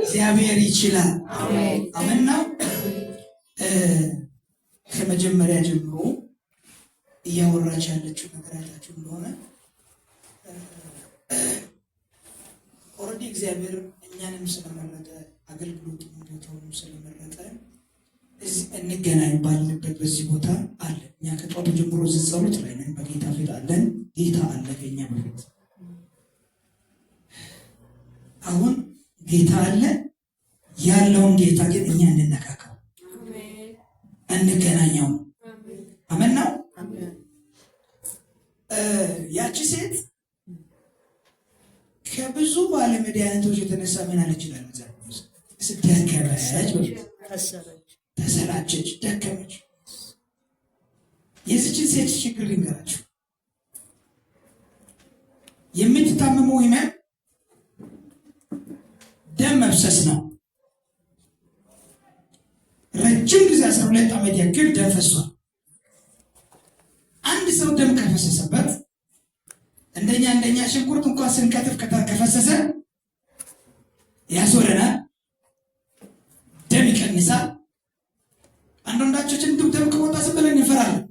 እግዚአብሔር ይችላል። አመና ከመጀመሪያ ጀምሮ እያወራች ያለችው ነገር ያላችሁ እንደሆነ ኦልሬዲ እግዚአብሔር እኛንም ስለመረጠ አገልግሎት ቦታውንም ስለመረጠ እንገናኝ ባለበት በዚህ ቦታ አለ። እኛ ከጧቱ ጀምሮ እዚህ ጸሎት ላይ ነን፣ በጌታ ፊት አለን። ጌታ አለ ከኛ በፊት አሁን ጌታ አለ። ያለውን ጌታ ግን እኛ እንነካከው፣ እንገናኘው። አመን ነው። ያቺ ሴት ከብዙ ባለመድኃኒቶች የተነሳ ምን አለች ይላል መጽሐፍ ደከመች፣ ተሰላቸች፣ ደከመች። የዚችን ሴት ችግር ልንገራችሁ። የምትታመመው ህመም ደም መፍሰስ ነው። ረጅም ጊዜ አስራ ሁለት ዓመት ያክል ደም ፈሷል። አንድ ሰው ደም ከፈሰሰበት እንደኛ እንደኛ ሽንኩርት እንኳን ስንከትፍ ከፈሰሰ ያስወረናል፣ ደም ይቀንሳል። አንዳንዳችን ደም ከቦታ ዝም ብለን እንፈራለን።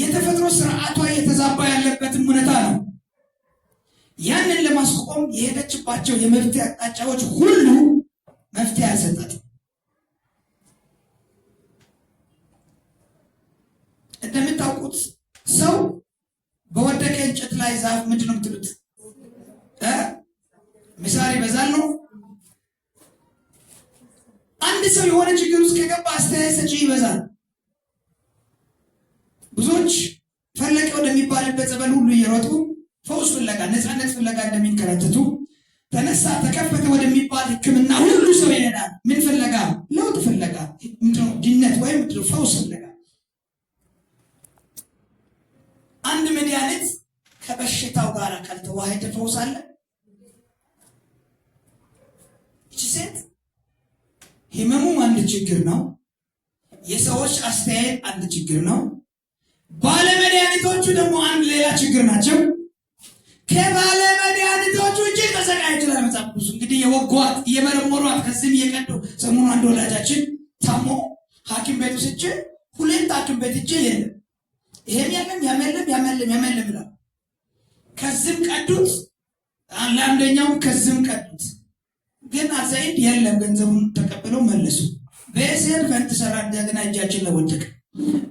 የተፈጥሮ ስርዓቷ እየተዛባ ያለበትም እውነታ ነው። ያንን ለማስቆም የሄደችባቸው የመፍትሄ አቅጣጫዎች ሁሉ መፍትሄ አልሰጣትም። እንደምታውቁት ሰው በወደቀ እንጨት ላይ ዛፍ ምንድን ነው የምትሉት? ምሳሌ ይበዛል ነው። አንድ ሰው የሆነ ችግር ውስጥ ከገባ አስተያየት ሰጪ ይበዛል። ብዙዎች ፈለቀ ወደሚባልበት ጸበል ሁሉ እየሮጡ ፈውስ ፍለጋ ነፃነት ፍለጋ እንደሚከለትቱ ተነሳ ተከፈተ ወደሚባል ሕክምና ሁሉ ሰው ይሄዳል። ምን ፍለጋ? ለውጥ ፍለጋ፣ ድነት ወይም ፈውስ ፍለጋ። አንድ መድኃኒት ከበሽታው ጋር ካልተዋህደ ፈውስ አለ? እቺ ሴት ህመሙ አንድ ችግር ነው። የሰዎች አስተያየት አንድ ችግር ነው። ባለመድኃኒቶቹ ደግሞ አንድ ሌላ ችግር ናቸው። ከባለ መድኃኒቶች ውጭ ተሰቃይ ይችላል መጽሐፍ ቅዱስ እንግዲህ የወጓት እየመረመሯት ከዚህም እየቀዱ ሰሞኑ አንድ ወላጃችን ታሞ ሐኪም ቤት ውስጭ ሁለት ሐኪም ቤት እጅ የለም ይሄም የለም ያመልም ያመልም ያመልም ብሏል። ከዚህም ቀዱት ለአንደኛው ከዚህም ቀዱት ግን አዘይድ የለም ገንዘቡን ተቀብለው መለሱ። በሴል ፈንት ሰራ እንደገና እጃችን ለወደቅ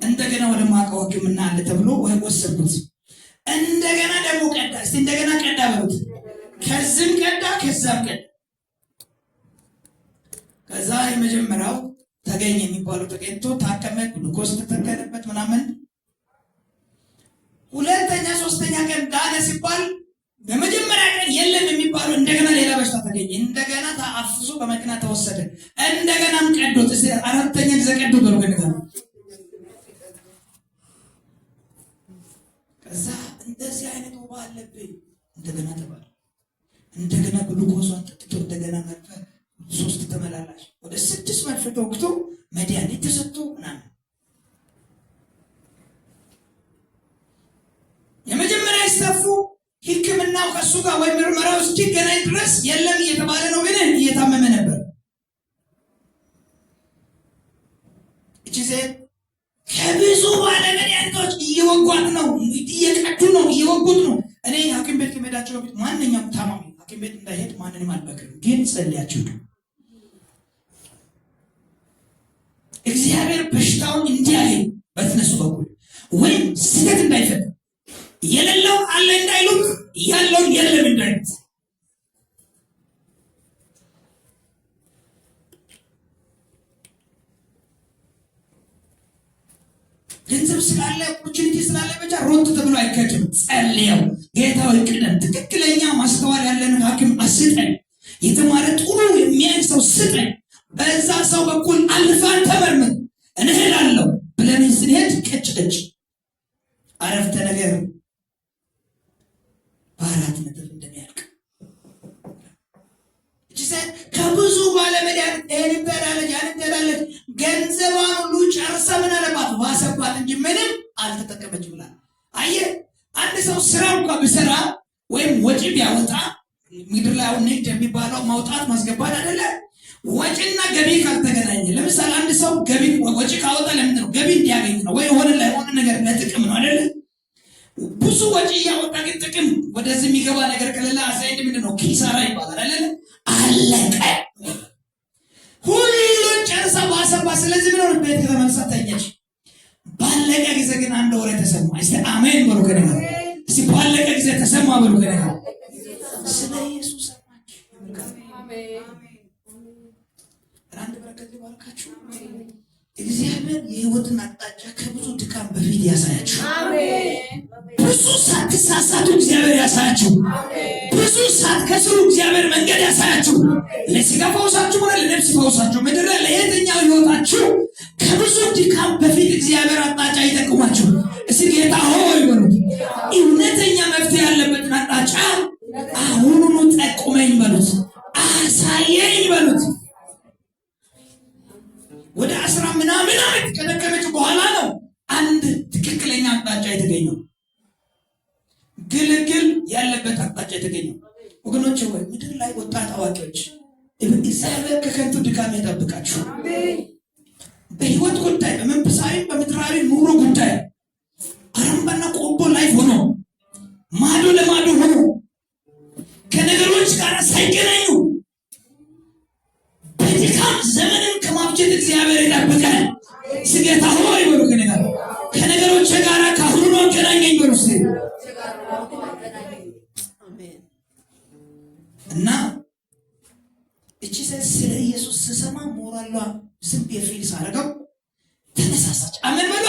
እንደገና ወደ ማቃወቅ ሕክምና አለ ተብሎ ወሰድኩት። እንደገና ደግሞ ቀዳ። እስቲ እንደገና ቀዳ በሉት። ከዝም ቀዳ፣ ከዛም ቀዳ። ከዛ የመጀመሪያው ተገኘ የሚባለው ተገኝቶ ታከመ፣ ግሉኮስ ተተከለበት ምናምን። ሁለተኛ ሶስተኛ ቀን ዳነ ሲባል በመጀመሪያ ቀን የለም የሚባለው እንደገና ሌላ በሽታ ተገኘ። እንደገና አፍዞ በመኪና ተወሰደ። እንደገናም ቀዶት አራተኛ ጊዜ ቀዶ በሉ ገነታ እንደዚህ አይነት ውባ አለብኝ። እንደገና ተባለ። እንደገና ግሉኮዟን አጠጥቶ እንደገና መርፈ ሶስት ተመላላሽ ወደ ስድስት መርፌ ተወግቶ መድኃኒት ተሰጥቶ ምናምን የመጀመሪያ ይስተፉ ሕክምናው ከእሱ ጋር ወይ ምርመራው እስኪገናኝ ድረስ የለም እየተባለ ነው፣ ግን እየታመመ ነበር። እቺ ሴት ከብዙ እየወጓት ነው፣ እየቀዱ ነው፣ እየወጉት ነው። እኔ ሐኪም ቤት ከመሄዳቸው በፊት ማንኛውም ታማሚ ሐኪም ቤት እንዳይሄድ ማንንም አልመክርም። ግን ጸልያችሁ እግዚአብሔር በሽታ የመድኃኒት ነገር እንደሚያልቅ እች ከብዙ ባለመድኃኒት እንበላለች አንበላለች፣ ገንዘቧን ሁሉ ጨርሳ ምን አለባት ዋሰባት እንጂ ምንም አልተጠቀመች ብላል። አየ አንድ ሰው ስራ እንኳ ብሰራ ወይም ወጪ ቢያወጣ ምድር ላይ አሁን ንግድ የሚባለው ማውጣት ማስገባት አይደለ? ወጪና ገቢ ካልተገናኘ፣ ለምሳሌ አንድ ሰው ገቢ ወጪ ካወጣ ለምንድን ነው ገቢ እንዲያገኝ ነው ወይ ብዙ ወጪ እያወጣ ግን ጥቅም ወደዚህ የሚገባ ነገር ከሌለ አሳይድ ምንድን ነው? ኪሳራ ይባላል። አለን አለቀ። ሁሉን ጨርሳ ባሰባ። ስለዚህ ምን ሆነ? ቤት ከተመልሳት ተኛች። ባለቀ ጊዜ ግን አንድ ወሬ ተሰማ። እስቲ አሜን በሉ ከደጋ። እስቲ ባለቀ ጊዜ ተሰማ በሉ ከደጋ። ስለ ኢየሱስ ሰማች። አንድ በረከት ሊባርካችሁ እግዚአብሔር የህይወትን አቅጣጫ ከብዙ ድካም በፊት ያሳያችሁ። ብዙ ሳትሳሳቱ እግዚአብሔር ያሳያችሁ። ብዙ ሳትከስሩ እግዚአብሔር መንገድ ያሳያችሁ። ለስጋ ፈውሳችሁ ሆነ ለነፍስ ፈውሳችሁ ምድር ለየትኛው ህይወታችሁ ከብዙ ድካም በፊት ሳይገናኙ በድካም ዘመንም ከማፍጀት እግዚአብሔር ይጠብቀን። ስጌታ ሆይ በሉ ከኔጋ ከነገሮች ጋር ከአሁኑ ነው ገናኘኝ በሉ ስ እና እቺ ሴት ስለ ኢየሱስ ስሰማ ሞራሏ ዝም የፊልስ አደረገው ተነሳሳች። አመን በሏ።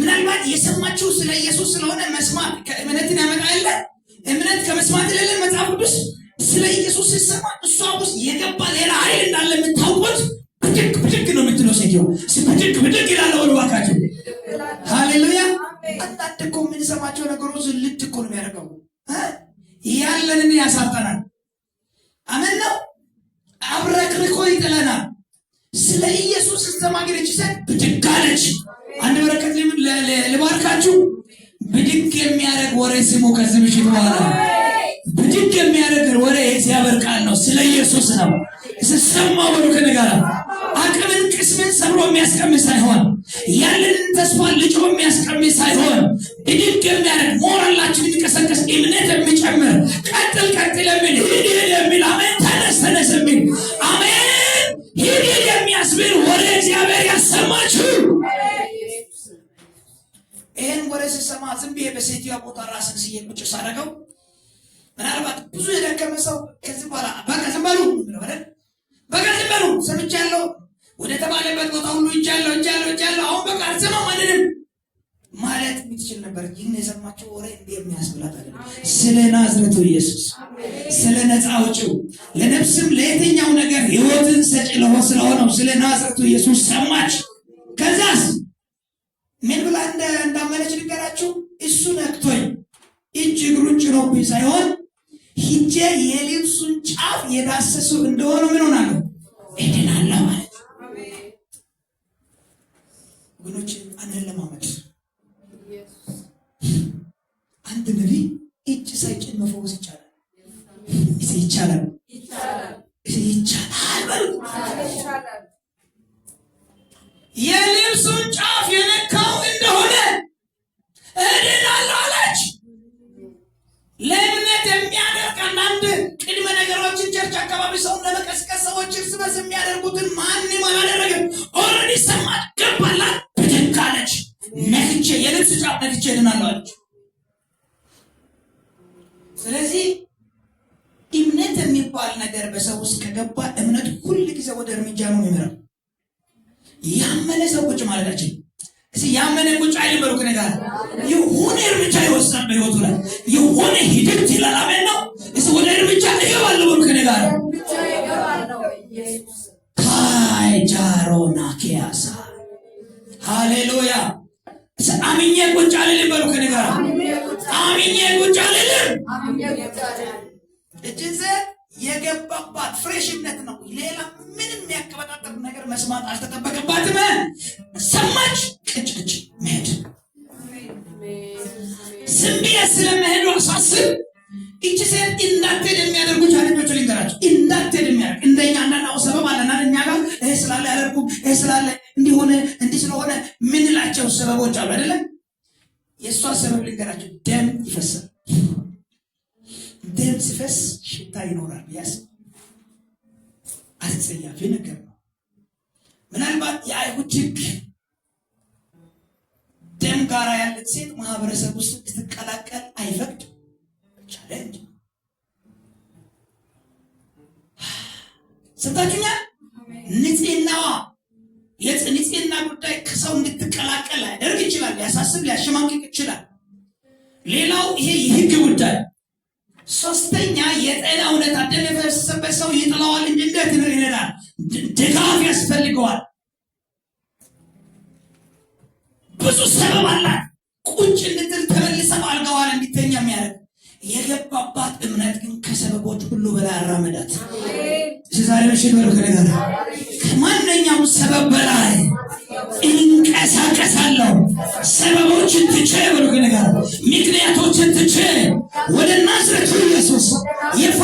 ምናልባት የሰማችው ስለ ኢየሱስ ስለሆነ መስማት ከእምነትን ያመጣ የለ እምነት ከመስማት የሌለ መጽሐፍ ቅዱስ ስለ ኢየሱስ ሲሰማ እሷ ውስጥ የገባ ሌላ ኃይል እንዳለ የምታውቁት ብድግ ብድግ ነው የምትለው ሴትዮ ብድግ ብድግ ይላለ ወልባካቸው ሃሌሉያ። አንዳንድ እኮ የምንሰማቸው ነገሮች ልድ እኮ ነው የሚያደርገው ያለንን ያሳጠናል። አመን ነው አብረክርኮ ይጥለናል። ስለ ኢየሱስ ስትሰማ ግን እቺ ብድግ አለች። አንድ በረከት ልባርካችሁ። ብድግ የሚያደርግ ወሬ ስሙ ከዚህ ምሽት በኋላ ብድግ የሚያደርግ ወደ የእግዚአብሔር ቃል ነው። ስለ ኢየሱስ ነው። ስሰማ ወሩ ከነጋራ አቅምን ቅስምን ሰብሮ የሚያስቀምጥ ሳይሆን ያለንን ተስፋን ልጭ የሚያስቀምጥ ሳይሆን ብድግ የሚያደርግ ሞራላችን የሚቀሰቀስ እምነት የሚጨምር ቀጥል ቀጥል የሚል ሂድ የሚል አሜን፣ ተነስ ተነስ የሚል አሜን፣ ሂድ የሚያስብል ወደ እግዚአብሔር ያሰማችሁ። ይህን ወደ ስሰማ ዝም ብዬ በሴትዮዋ ቦታ ራስን ስዬ ቁጭ ሳደርገው ምናልባት ብዙ የደከመ ሰው ከዚህ በኋላ በቃ ዝም በሉ በቃ ዝም በሉ ሰምቻለሁ፣ ወደ ተባለበት ቦታ ሁሉ እጃለሁ እጃለሁ እጃለሁ፣ አሁን በቃ አልሰማም ማለት የምትችል ነበር። ይህን የሰማቸው ወሬ የሚያስብላት አለ። ስለ ናዝረቱ ኢየሱስ፣ ስለ ነፃ አውጪው፣ ለነፍስም ለየትኛው ነገር ሰጪ ስለሆነው ስለ ናዝረቱ ኢየሱስ ሰማች። ከዛስ ምን ብላ እንዳመነች ልንገራችሁ። እሱ ነክቶኝ እጅ እግሩን ጭኖብኝ ሳይሆን ሂጄ የልብሱን ጫፍ የዳሰሱ እንደሆኑ ምን ሆናለሁ? እድናለሁ ማለት ወገኖች፣ አንድን ለማመድ አንድ ነቢይ እጅ ሳይጭን መፈወስ ይቻላል። እዚህ ይቻላል፣ እዚህ ይቻላል በሉ። የልብሱን ጫፍ የነካው እንደሆነ እድናለሁ አለች። ሞቲቬት የሚያደርግ አንዳንድ ቅድመ ነገሮችን ቸርች አካባቢ ሰውን ለመቀስቀስ ሰዎች እርስ በርስ የሚያደርጉትን ማንም አላደረግም። ኦልሬዲ ሰማት ገባላት ብትካለች ነክቼ የልብስ ጫፍ ነክቼ ልናለዋለች። ስለዚህ እምነት የሚባል ነገር በሰው ውስጥ ከገባ እምነት ሁል ጊዜ ወደ እርምጃ ነው የሚመራው። ያመነ ሰው ቁጭ ማለታችን እስ ያመነ ቁጭ አይልበሩክ ነገር ይሆናል። በህይወቱ ላይ የሆነ ሂደት ይላል። አሜን ነው እሱ ወደ እርምጃ እገባለሁ ከኔ ጋር ካጃሮና ኪያሳ ሃሌሉያ አምኜ ቁጭ አልልም በሉ ከኔ ጋር አምኜ ቁጭ አልልም። እጅዘ የገባባት ፍሬሽነት ነው። ሌላ ምንም የሚያቀበጣጠር ነገር መስማት አልተጠበቅባትም። ሰማች ቅጭቅጭ መሄድ ዝም ብዬ ስለመሄዱ አሳስብ። ይቺ ሴት እንዳትሄድ የሚያደርጉ ቻለኞቹ ልንገራቸው። እንዳትሄድ የሚያደርግ እንደኛ አንዳንድ ሰበብ አለና እኛ ጋር ይህ ስላለ ያደርጉም ይህ ስላለ እንዲሆነ እንዲህ ስለሆነ ምንላቸው ሰበቦች አሉ አይደለም። የእሷ ሰበብ ልንገራቸው። ደም ይፈሳል። ደም ሲፈስ ሽታ ይኖራል። ያስ አስጸያፊ ነገር ነው። ምናልባት የአይሁድ ሕግ ደም ጋራ ያለች ሴት ማህበረሰብ ውስጥ እንድትቀላቀል አይፈቅድም። ቻለንጅ ሰምታችሁኛል። ንጽህናዋ የንጽህና ጉዳይ ከሰው እንድትቀላቀል ያደርግ ይችላል፣ ሊያሳስብ ሊያሸማቅቅ ይችላል። ሌላው ይሄ የህግ ጉዳይ ሶስተኛ የጤና እውነት ደም የፈሰሰበት ሰው ይጥለዋል፣ እንድንደት ይረዳል፣ ድጋፍ ያስፈልገዋል። ብዙ ሰበብ አላት። ቁጭ እንድትል ተመልሳ አልጋዋ ላይ እንዲተኛ የሚያደርግ የገባባት እምነት ግን ከሰበቦች ሁሉ በላይ አራመዳት። ዛሬ መሽል በሉ ከነጋር ከማንኛውም ሰበብ በላይ እንቀሳቀሳለሁ። ሰበቦችን ትቼ በሉ ከነጋር ምክንያቶችን ትቼ ወደ ናዝረቱ ኢየሱስ የፈ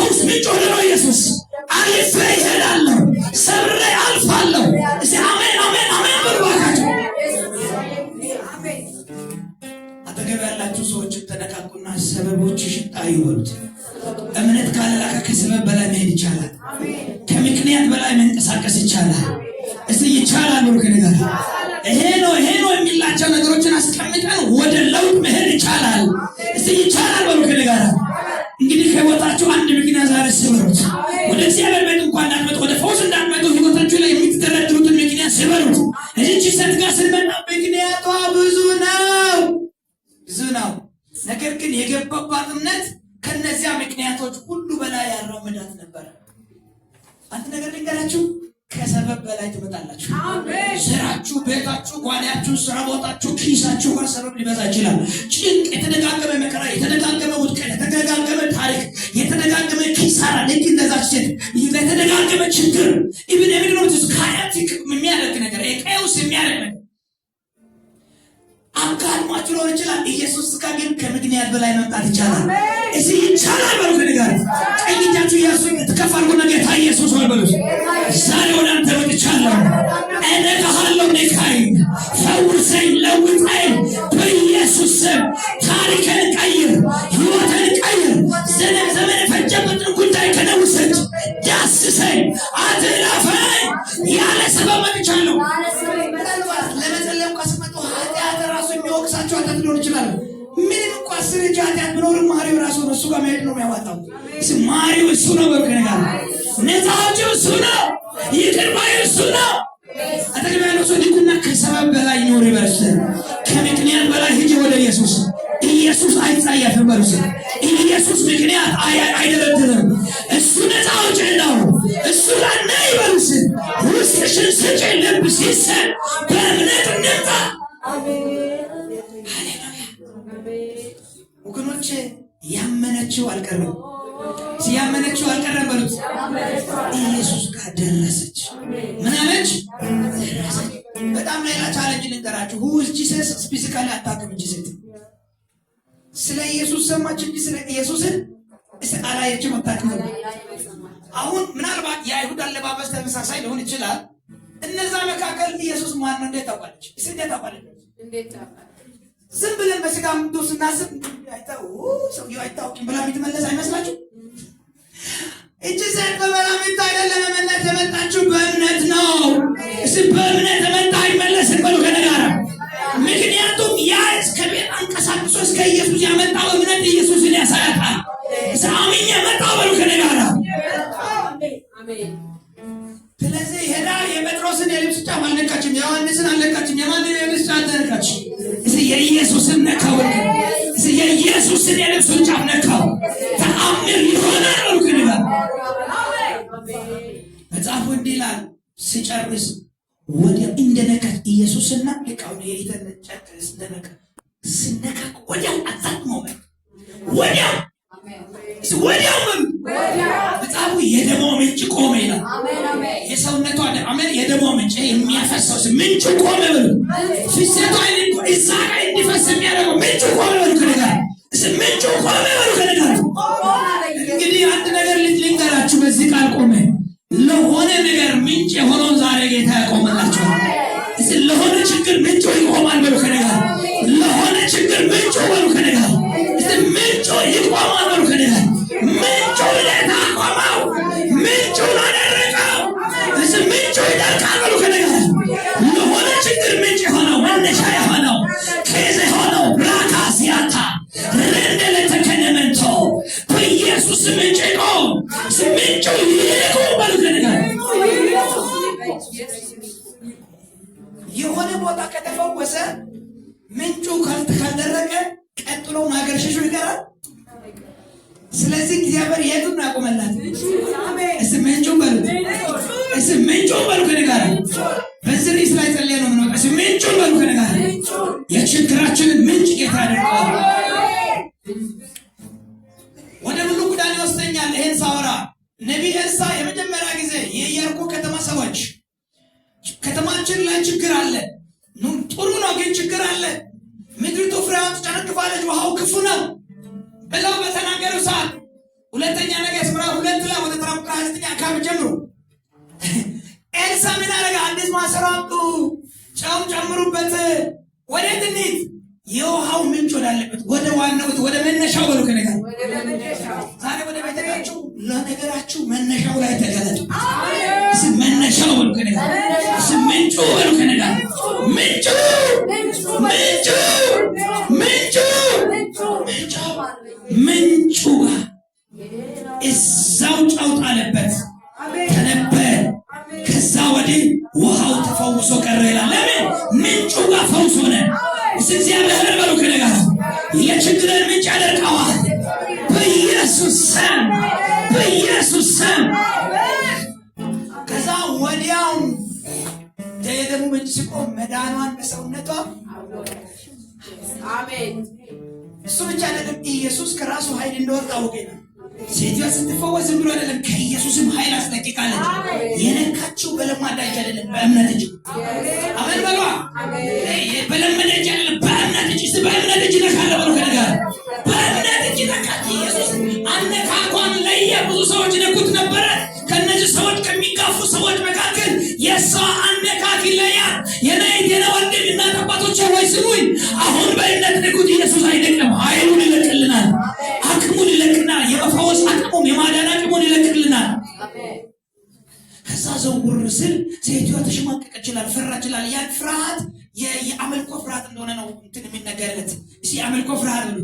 ቅዱስ የሚያደርግ ነገር አካል ሟች ሊሆን ይችላል። ኢየሱስ ጋ ግን ከምክንያት በላይ መምጣት ይቻላል። እዚ ይቻላል በሉ ግን ጋር ቀኝ እጃችሁ ኢየሱስ ትከፋልኩና ጌታ ኢየሱስ ሆይ በሉ ዛሬ ወደ አንተ መጥቻለሁ። እነግርሃለሁ ነካኝ፣ ፈውሰኝ፣ ለውጠኝ በኢየሱስ ስም። ታሪክን ቀይር፣ ህይወትን ቀይር። ዘመን የፈጀበትን ጉዳይ ከነውሰች፣ ዳስሰኝ፣ አትናፈኝ። ያለ ሰበብ መጥቻለሁ። አስር እጅ ኃጢአት ብኖርም ማሪው ራሱ ነው። እሱ ጋር መሄድ ነው የሚያዋጣው። ማሪው እሱ ነው፣ በብክነጋር ነፃዎች እሱ ነው፣ ይቅር ባይ እሱ ነው። አጠገብ ያለው ሰው ሊቁና ከሰበብ በላይ ኖር ይበርስ ከምክንያት በላይ ሂጂ ወደ ኢየሱስ። ኢየሱስ አይጸየፍም በርስ ኢየሱስ ምክንያት አይደረድርም። እሱ ነፃ አውጪ ነው። እሱ ጋር ነይ በርስ ውስጥሽን ስጪ ልብ ሲሰን በእምነት አሜን። ሰዎች ያመነችው አልቀረም ሲያመነችው አልቀረም በሉት። ኢየሱስ ጋር ደረሰች። ምን አለች? ደረሰች። በጣም ሌላ ቻለንጅ ልንገራችሁ። ሁዝ ጂሰስ ስፒሲካሊ አታውቅም እንጂ ስት ስለ ኢየሱስ ሰማች እንጂ ስለ ኢየሱስን አላየችም፣ አታውቅም። አሁን ምናልባት የአይሁድ አለባበስ ተመሳሳይ ሊሆን ይችላል። እነዛ መካከል ኢየሱስ ማን ነው? እንዴት ታውቃለች? እንዴት ታውቃለች? ዝም ብለን በስጋ ምዶ ስናስብ ሰውየው አይታወቅም ብላ የምትመለስ አይመስላችሁ? እጅ ዘር በበላ ምት አይደለም መመለስ የመጣችሁ በእምነት ነው። እስ በእምነት የመጣ አይመለስ በሉ ከነጋራ ምክንያቱም ያ ከቤት አንቀሳቅሶ እስከ ኢየሱስ ያመጣው እምነት ኢየሱስን ያሳያታል። ሳሚኝ የመጣው በሉ ከነጋራ ስለዚህ ሄዳ የጴጥሮስን የልብስ ጫማ አልነካችም፣ የዮሐንስን አልነካችም፣ የማን ስለ ልብሱን ጫፍ ነካው። ተአምር ይሆናል አልኩኝ። መጽሐፍ እንዲህ ይላል። ሲጨርስ ወደ እንደነካት ኢየሱስና እቃውን የተነጨት እንደነካ ስነካ ወዲያው አዛት ሞመ ወዲያው ወዲያው መጽሐፉ የደሞ ምንጭ ቆመ ይላል። የሰውነቷ አሜን የደሞ ምንጭ የሚያፈሰው ምንጭ ቆመ ብሎ ፍሰቷ እዛ ሳንባ ከተፈወሰ ምንጩ ካልደረቀ ቀጥሎ ማገርሸሹ ይቀራል። ስለዚህ እግዚአብሔር የቱን አቁመላት? እስ ምንጩ በሉ እስ ምንጩ በሉ ከነጋር በዚህ ርዕስ ላይ ነው ምናቀ እስ ምንጩ በሉ ከነጋር የችግራችንን ምንጭ ጌታ ያደርገዋል። ወደ ሁሉ ጉዳን ይወስደኛል። ይህን ሳወራ ነቢይ ኤልሳዕ የመጀመሪያ ጊዜ የኢያሪኮ ከተማ ሰዎች ከተማችን ላይ ችግር አለን ጥሩ ነው፣ ግን ችግር አለ። ምድሪቱ ፍሬዋን ትጨነግፋለች፣ ውሃው ክፉ ነው ብለው በተናገሩ ሰዓት ሁለተኛ ነገሥት ምዕራፍ ሁለት ላይ ወደ ተራ ቁጥር ዘጠኝ አካባቢ ጀምሩ ኤልሳ ምን አደረገ? አዲስ ማሰሮ አምጡ፣ ጨው ጨምሩበት። ወደ ትኒት የውሃው ምንጭ ወዳለበት ወደ ዋናው ወደ መነሻው በሉ ከነጋ ዛሬ ወደ ቤተካችሁ ለነገራችሁ መነሻው ላይ ተገለጡ። መነሻው በሉ ከነጋ ምንጩ ምንጩ ምንጩ ምንጩ ምንጩ ጋር እዛው ጨው ጣለበት ተነበር። ከዛ ወዲህ ውሃው ተፈውሶ ቀረ ይላል። ለምን ምንጩ ጋር ፈውስ ሆነ። እግዚአብሔር በሉ የችግርን ምንጭ ያደርቀዋል። በኢየሱስ ስም በኢየሱስ ስም ከዛ አመንዝቆ መዳኗን በሰውነቷ አሜን። እሱ ብቻ አይደለም፣ ኢየሱስ ከራሱ ኃይል እንደወጣ ወገና ሴትዮዋ ስትፈወስ ዝም ብሎ አይደለም፣ ከኢየሱስም ኃይል አስጠቂቃለች። የነካችው በለማዳ እጅ አይደለም፣ በእምነት እጅ። አሜን በሏ። በለመደ እጅ አይደለም፣ በእምነት እጅ። በእምነት እጅ ነካለ ብሎ ከነጋር በእምነት እጅ ነካች። ኢየሱስ አነካኳን ለየ። ብዙ ሰዎች ነኩት ነበረ። ከእነዚህ ሰዎች ከሚጋፉ ሰዎች ግን የእሷ አመካት ይለያል። የናይት የነወንድም እናት አባቶች ሆይ ስሙኝ። አሁን በእምነት ንቁት። ኢየሱስ አይደለም ኃይሉን ይለቅልናል፣ አቅሙን ይለቅልናል፣ የመፈወስ አቅሙም የማዳን አቅሙን ይለቅልናል። ከዛ ዘውር ስል ሴትዮዋ ተሸማቀቀ ይችላል፣ ፈራ ይችላል። ያን ፍርሃት የአመልኮ ፍርሃት እንደሆነ ነው እንትን የሚነገርለት እስ የአመልኮ ፍርሃት ብሉ።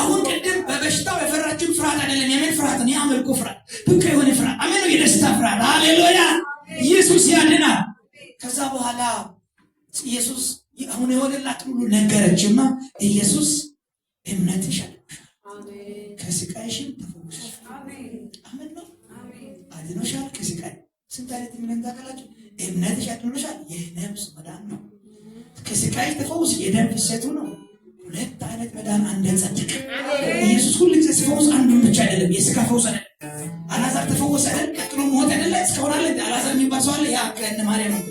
አሁን ቅድም በበሽታው የፈራችን ፍርሃት አይደለም፣ የምን ፍርሃት ነው? የአመልኮ ፍርሃት፣ ብቅ የሆነ ፍርሃት፣ አሜን፣ የደስታ ፍርሃት። ሃሌሉያ ኢየሱስ ያድናል። ከዛ በኋላ ኢየሱስ አሁን የሆነላት ሁሉ ነገረችማ። ኢየሱስ እምነትሽ ከስቃይሽም አድኖሻል ከስቃይ። ስንት አይነት እምነት ታውቃላችሁ? እምነትሽ አድኖሻል የነፍስ መዳን ነው። ከስቃይሽ ተፈውስ የደም ፍሰቱ ነው። ሁለት አይነት መዳን አንድ ጸድቅ ኢየሱስ ሁሉ ሲፈውስ አንዱን ብቻ አይደለም። የስጋ ፈውስ አይደለም። አላዛር ተፈወሰ አይደል? አሁን ሞት አይደለ እስካሁን አለ አላዛር የሚባል ሰው አለ። ያ ከእነ ማርያም ነው።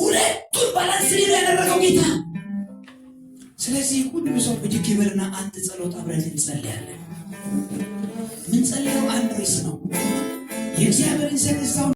ሁለቱን ባላንስ ሊሉ ያደረገው ጌታ። ስለዚህ ሁሉ ሰው ብድግ ይበልና አንድ ጸሎት አብረን እንጸልያለን። ምንጸልየው አንድ ርዕስ ነው የእግዚአብሔርን ሰው